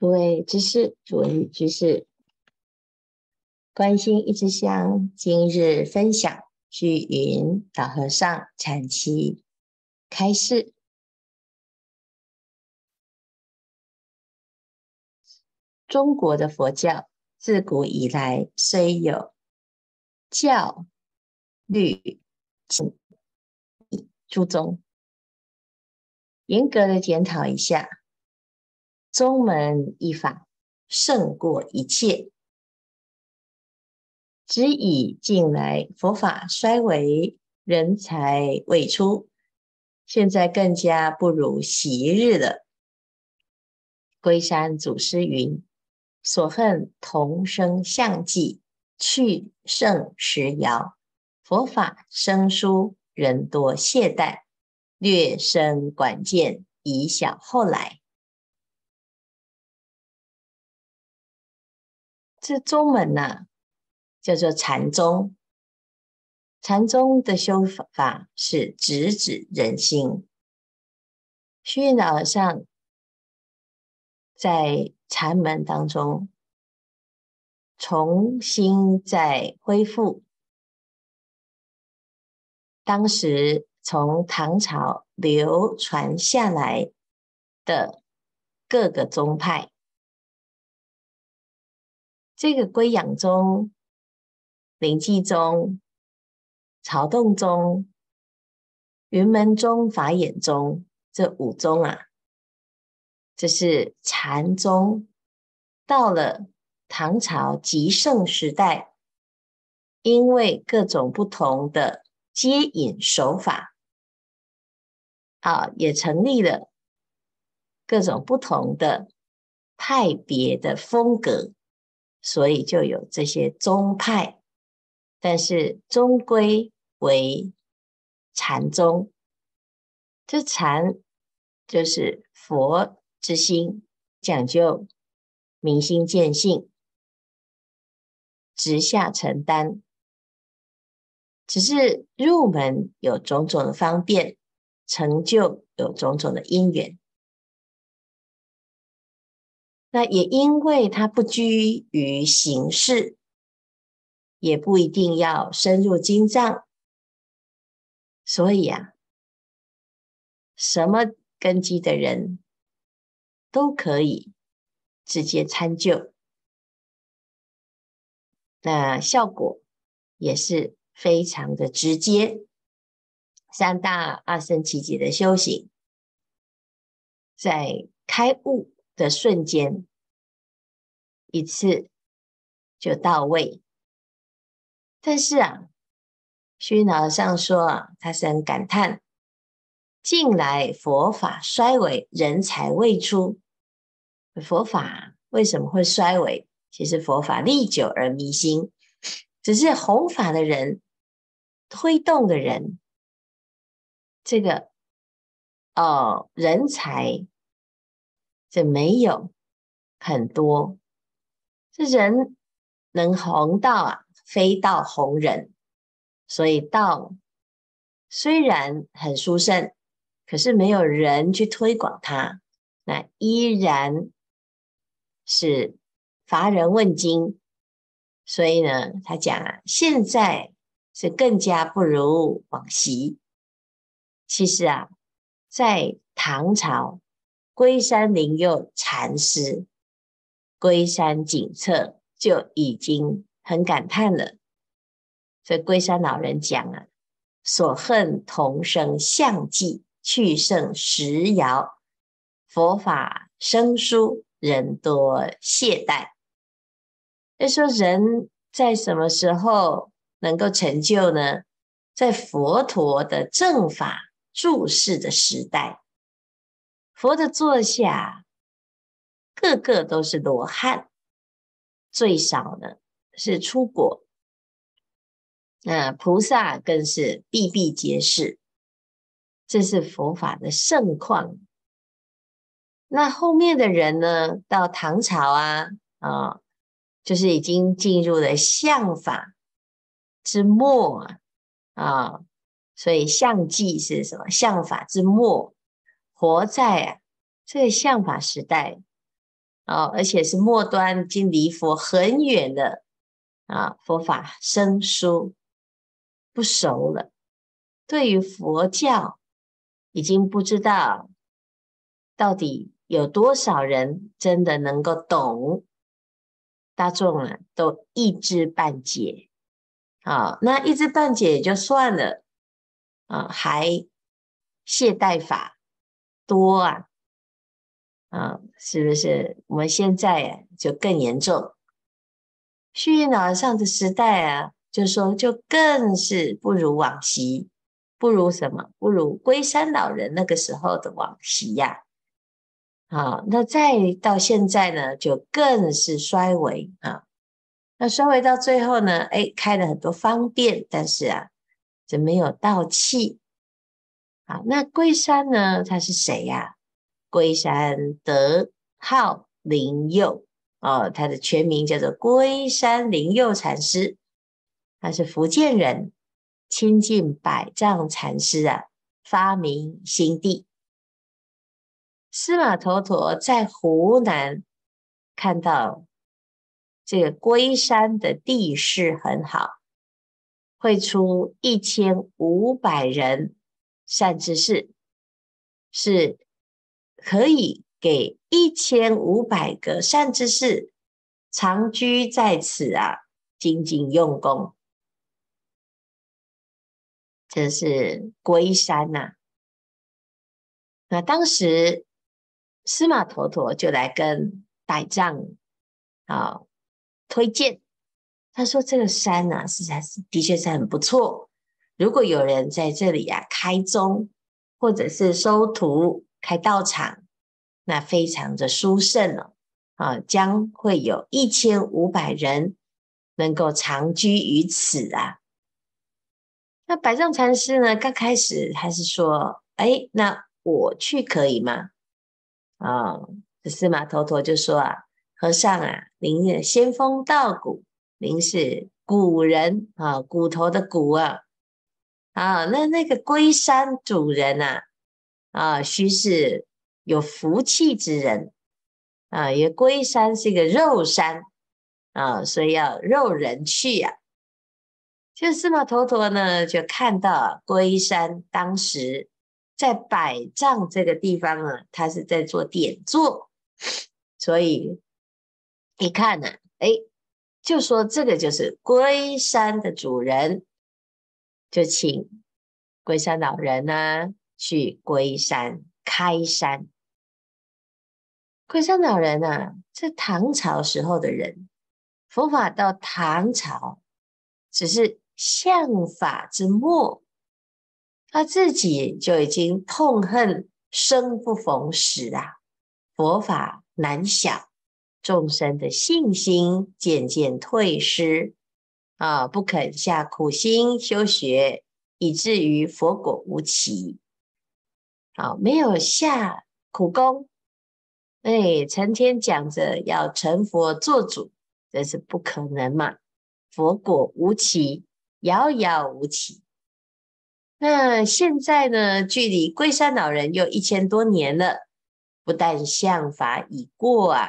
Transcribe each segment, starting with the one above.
諸位居士，諸位居士，觀心一支香，今日分享，虛雲老和尚禪七開示。中國的佛教自古以來，雖有教律、淨、密諸宗，嚴格的檢討一下。宗門一法勝過一切，只以近來佛法衰微，人才未出，現在更加不如昔日了。溈山祖師云：“所恨同生像季，去聖時遙，佛法生疏，人多懈怠，略伸管見，以曉後來。”這宗門呢，叫做禪宗。禪宗的修法是直指人心。虛雲老和尚在禪門當中，重新再恢復當時從唐朝流傳下來的各個宗派。這個溈仰宗、臨濟宗、曹洞宗、雲門宗、法宗、法眼宗這五宗啊，這、就是禪宗。到了唐朝極盛時代，因為各種不同的接引手法啊，也成立了各種不同的派別的風格。所以就有這些宗派，但是終歸為禪宗。這禪就是佛之心，講究明心見性，直下承擔。只是入門有種種的方便，成就有種種的因緣。那也因為它不拘於形式，也不一定要深入經藏，所以啊，什麼根基的人都可以直接參究。那效果也是非常的直接。三大二生七節的修行，在開悟的瞬間，一次就到位。但是啊，虛雲老和尚說啊，他是很感嘆，近來佛法衰微，人才未出。佛法為什麼會衰微？其實佛法歷久而彌新，只是弘法的人、推動的人，這個哦人才。這沒有很多，這人能弘道啊，非道弘人，所以道雖然很殊勝，可是沒有人去推廣它，那依然是乏人問津。所以呢，他講啊，現在是更加不如往昔。其實啊，在唐朝。溈山靈佑禪師《溈山警策》就已經很感嘆了，所以溈山老人講啊：“所恨同生像季，去聖時遙，佛法生疏，人多懈怠。”就說人在什麼時候能夠成就呢？在佛陀的正法住世的時代。佛的座下，個個都是羅漢，最少呢是初果，那菩薩更是比比皆是，這是佛法的盛況。那後面的人呢？到唐朝啊啊、哦，就是已經進入了像法之末啊、哦、所以像季是什麼？像法之末。活在啊這個像法時代哦，而且是末端，已經離佛很遠了啊，佛法生疏不熟了，對於佛教已經不知道到底有多少人真的能夠懂，大眾啊都一知半解啊，哦，那一知半解也就算了啊，還懈怠法。多啊，啊，是不是我們現在、啊、就更嚴重？虛雲老和尚的時代啊，就說就更是不如往昔，不如什麼？不如溈山老人那個時候的往昔呀、啊。好、啊，那再到現在呢，就更是衰微啊。那衰微到最後呢，哎，開了很多方便，但是啊，就沒有道氣。那溈山呢？他是誰呀、啊？溈山德號靈佑，哦，他的全名叫做溈山靈佑禪師。他是福建人，親近百丈禪師啊，發明心地。司馬頭陀，陀在湖南看到這個溈山的地勢很好，會出一千五百人。善知識是可以給一千五百個善知識長居在此啊，僅僅用功，這是溈山吶、啊。那當時司馬頭陀就來跟百丈啊推薦，他說這個山啊，實在是，的確是很不錯。如果有人在這裡啊開宗，或者是收徒開道場，那非常的殊勝了，哦、啊、哦，將會有一千五百人能夠長居於此啊。那百丈禪師呢，剛開始他是說，哎，那我去可以嗎？啊、哦，這司馬頭陀就說啊，和尚啊，您是仙風道骨，您是骨人啊、哦，骨頭的骨啊。啊，那那個溈山主人啊，啊，須是有福氣之人啊。因為溈山是一個肉山啊，所以要肉人去呀、啊。就司馬頭陀呢，就看到溈、啊、山當時在百丈這個地方呢、啊，他是在做典座，所以一看呢、啊，哎，就說這個就是溈山的主人。就請溈山老人呢、啊、去溈山開山。溈山老人啊，是唐朝時候的人，佛法到唐朝只是像法之末，他自己就已經痛恨生不逢時啊，佛法難曉，眾生的信心漸漸退失。啊、哦，不肯下苦心修學，以至於佛果無期。啊、哦，沒有下苦功，誒、哎，成天講着要成佛做主，這是不可能嘛？佛果無期，遙遙無期。那現在呢？距離龜山老人又一千多年了，不但像法已過啊，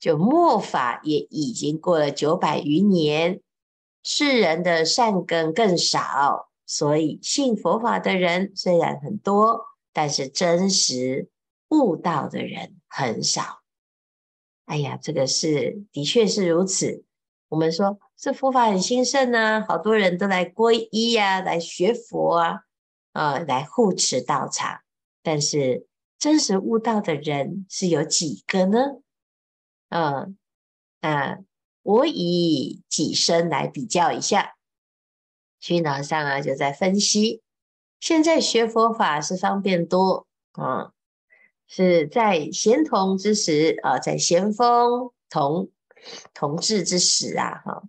就末法也已經過了九百餘年。世人的善根更少，所以信佛法的人雖然很多，但是真實悟道的人很少。哎呀，這個是的確是如此。我們說這佛法很興盛呢、啊，好多人都來皈依啊，來學佛啊，呃，來護持道場，但是真實悟道的人是有幾個呢？嗯、呃，呃我以己身來比較一下，虛老上啊，就在分析，現在學佛法是方便多啊，是在咸同之時啊，在咸豐同同治之時啊，哈、啊，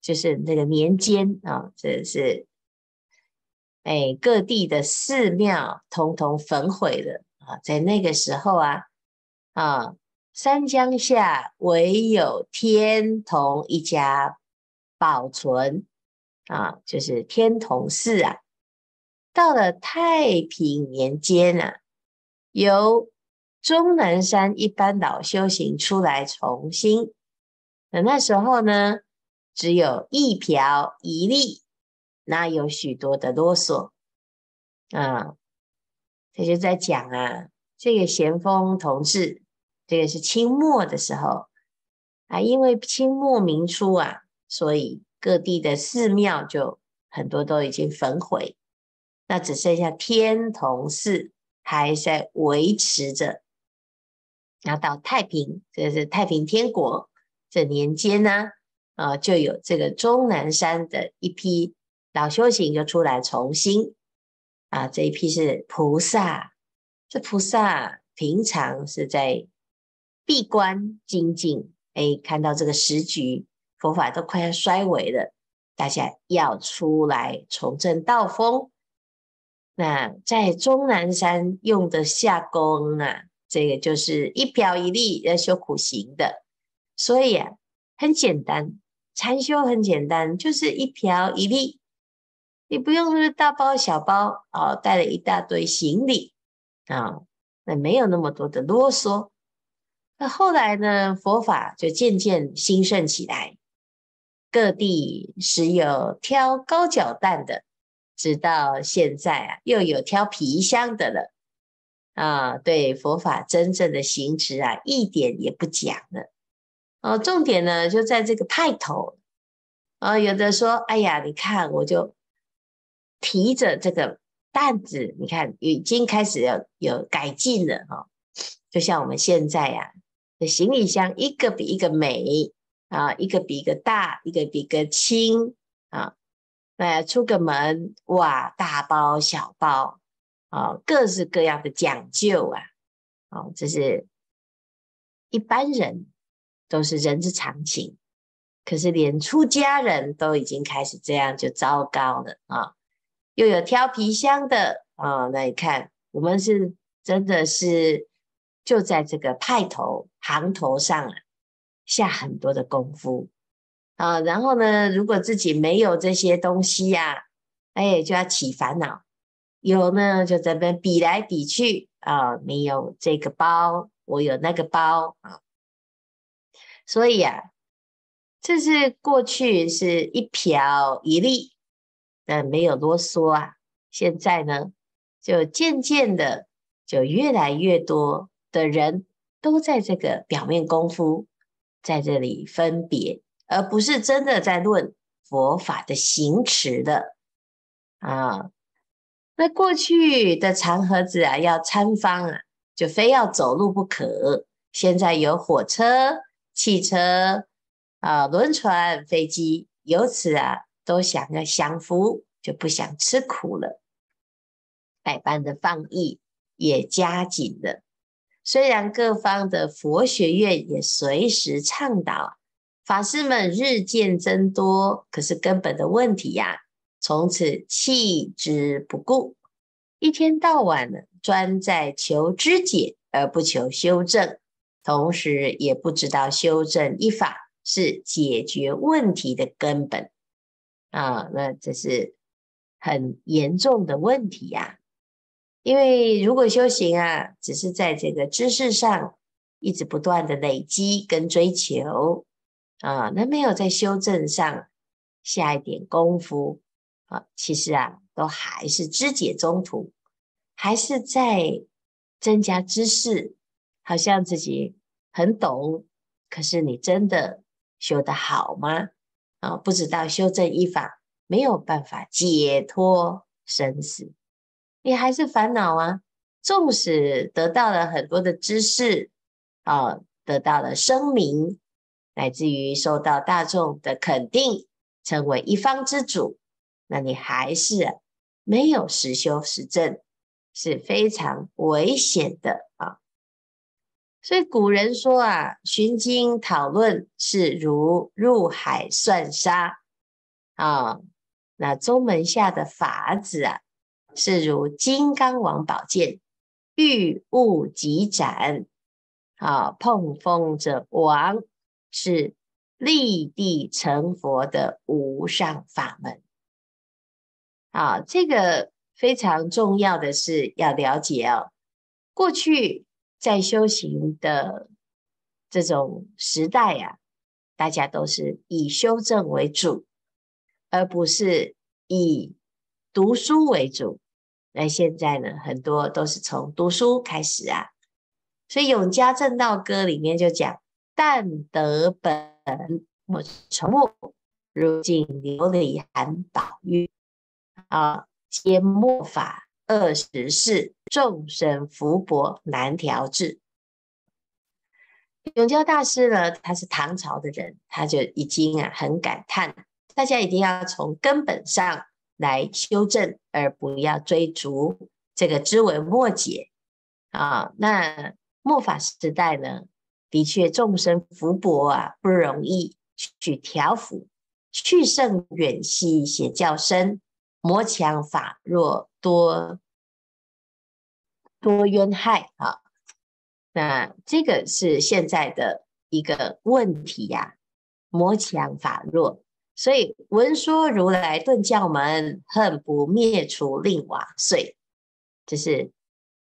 就是那個年間啊，這、就是哎各地的寺廟統統統焚毀了啊，在那個時候啊，啊。三江下唯有天童一家保存啊，就是天童寺啊。到了太平年間呢、啊，由終南山一班老修行出來重興。那那時候呢，只有一瓢一笠，那有許多的囉嗦啊。他就在講啊，這個咸豐同治。這個是清末的時候啊，因為清末民初啊，所以各地的寺廟就很多都已經焚毀，那只剩下天童寺還在維持着。然後到太平，這個是太平天國這年間呢，啊，就有這個終南山的一批老修行就出來重興啊，這一批是菩薩，這菩薩平常是在。閉關精進，哎，看到這個時局，佛法都快要衰微了，大家要出來重振道風。那在終南山用的下功啊，這個就是一瓢一笠要修苦行的。所以啊，很簡單，禪修很簡單，就是一瓢一笠，你不用大包小包哦，帶了一大堆行李啊、哦，那沒有那麼多的囉嗦。那後來呢？佛法就漸漸興盛起來，各地時有挑高腳擔的，直到現在啊，又有挑皮箱的了。啊，對佛法真正的行持啊，一點也不講了。哦、啊，重點呢就在這個派頭。啊有的說：“哎呀，你看，我就提着這個擔子，你看已經開始要有，有改進了哈、哦。”就像我們現在呀、啊。的行李箱一個比一個美啊，一個比一個大，一個比一個輕啊。那出個門哇，大包小包啊，各式各樣的講究啊。哦、啊，這是一般人都是人之常情，可是連出家人都已經開始這樣，就糟糕了啊。又有挑皮箱的啊，那你看，我們是真的是就在這個派頭。行頭上下很多的功夫啊。然後呢，如果自己沒有這些東西呀、啊，哎，就要起煩惱；有呢，就在那邊比來比去啊。你有這個包，我有那個包啊。所以啊，這是過去是一瓢一粒，嗯，沒有囉嗦啊。現在呢，就漸漸的，就越來越多的人。都在這個表面功夫，在這裡分別，而不是真的在論佛法的行持的啊。那過去的禪和子啊，要參方啊，就非要走路不可。現在有火車、汽車啊、輪船、飛機，由此啊，都想要享福，就不想吃苦了，百般的放逸也加緊了。雖然各方的佛學院也隨時倡導，法師們日漸增多，可是根本的問題呀、啊，從此棄之不顧，一天到晚的專在求知解而不求修證，同時也不知道修證一法是解決問題的根本啊，那這是很嚴重的問題呀、啊。因為如果修行啊，只是在這個知識上一直不斷的累積跟追求啊，那沒有在修證上下一點功夫啊，其實啊，都還是知解宗徒，還是在增加知識，好像自己很懂，可是你真的修得好嗎？啊，不知道修證一法，沒有辦法解脫生死。你還是煩惱啊！縱使得到了很多的知識，啊、哦，得到了聲名，乃至於受到大眾的肯定，成為一方之主，那你還是、啊、沒有實修實證，是非常危險的啊、哦！所以古人說啊，尋經討論是如入海算沙啊、哦，那宗門下的法子啊。是如金剛王寶劍，遇物即斬，啊，碰鋒者亡，是立地成佛的無上法門。啊，這個非常重要的是要了解哦。過去在修行的這種時代呀、啊，大家都是以修證為主，而不是以讀書為主。那現在呢，很多都是從讀書開始啊，所以《永嘉證道歌》裡面就講：“但得本，莫愁末，如淨琉璃含寶月啊，嗟末法，惡時世，眾生福薄難調製。”永嘉大師呢，他是唐朝的人，他就已經啊很感嘆，大家一定要從根本上來修正，而不要追逐這個知文末節啊。那末法時代呢，的確眾生福薄啊，不容易去調伏。去聖遠兮邪見深，魔強法弱多多怨害啊。那這個是現在的一個問題呀，啊，魔強法弱。所以聞說如來頓教門，恨不滅除令瓦碎，這是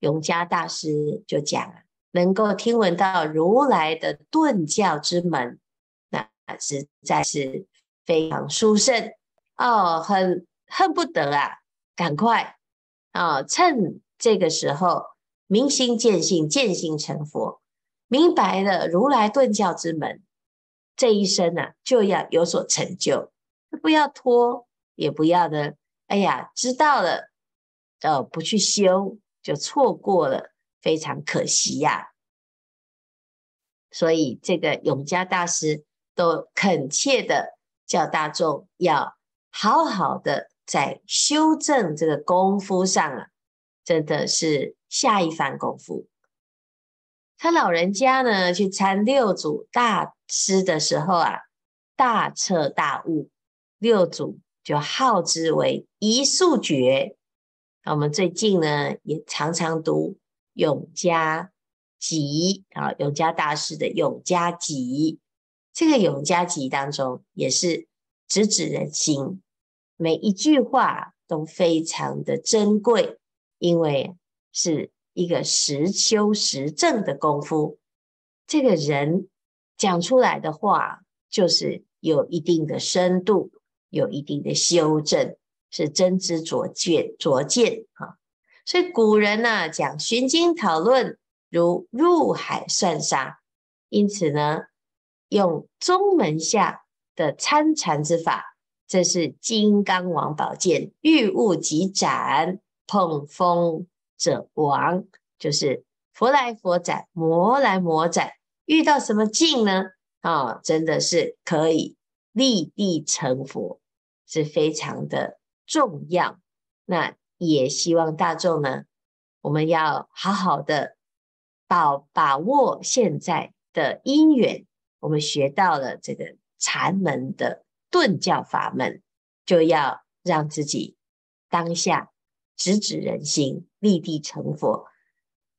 永嘉大師就講能夠聽聞到如來的頓教之門，那實在是非常殊勝哦，很恨不得啊，趕快啊，哦，趁這個時候明心見性，見性成佛，明白了如來頓教之門。這一生呢、啊，就要有所成就，不要拖，也不要呢，哎呀，知道了，呃、哦，不去修就錯過了，非常可惜呀、啊。所以這個永嘉大師都懇切的叫大眾要好好的在修證這個功夫上啊，真的是下一番功夫。他老人家呢，去參六祖大。師的時候啊，大徹大悟，六祖就號之為一宿覺。那、啊、我們最近呢，也常常讀《永嘉集》啊，《永嘉大師的永嘉集》。這個《永嘉集》當中也是直指人心，每一句話都非常的珍貴，因為是一個實修實證的功夫。這個人。講出來的話，就是有一定的深度，有一定的修正，是真知灼見，灼見，啊。所以古人呢，啊，講尋經討論如入海算沙，因此呢，用宗門下的參禪之法，這是金剛王寶劍，遇物即斬，碰鋒者亡，就是佛來佛斬，魔來魔斬。遇到什麼境呢？啊、哦，真的是可以立地成佛，是非常的重要。那也希望大眾呢，我們要好好的把把握現在的因緣。我們學到了這個禪門的頓教法門，就要讓自己當下直指指人心，立地成佛。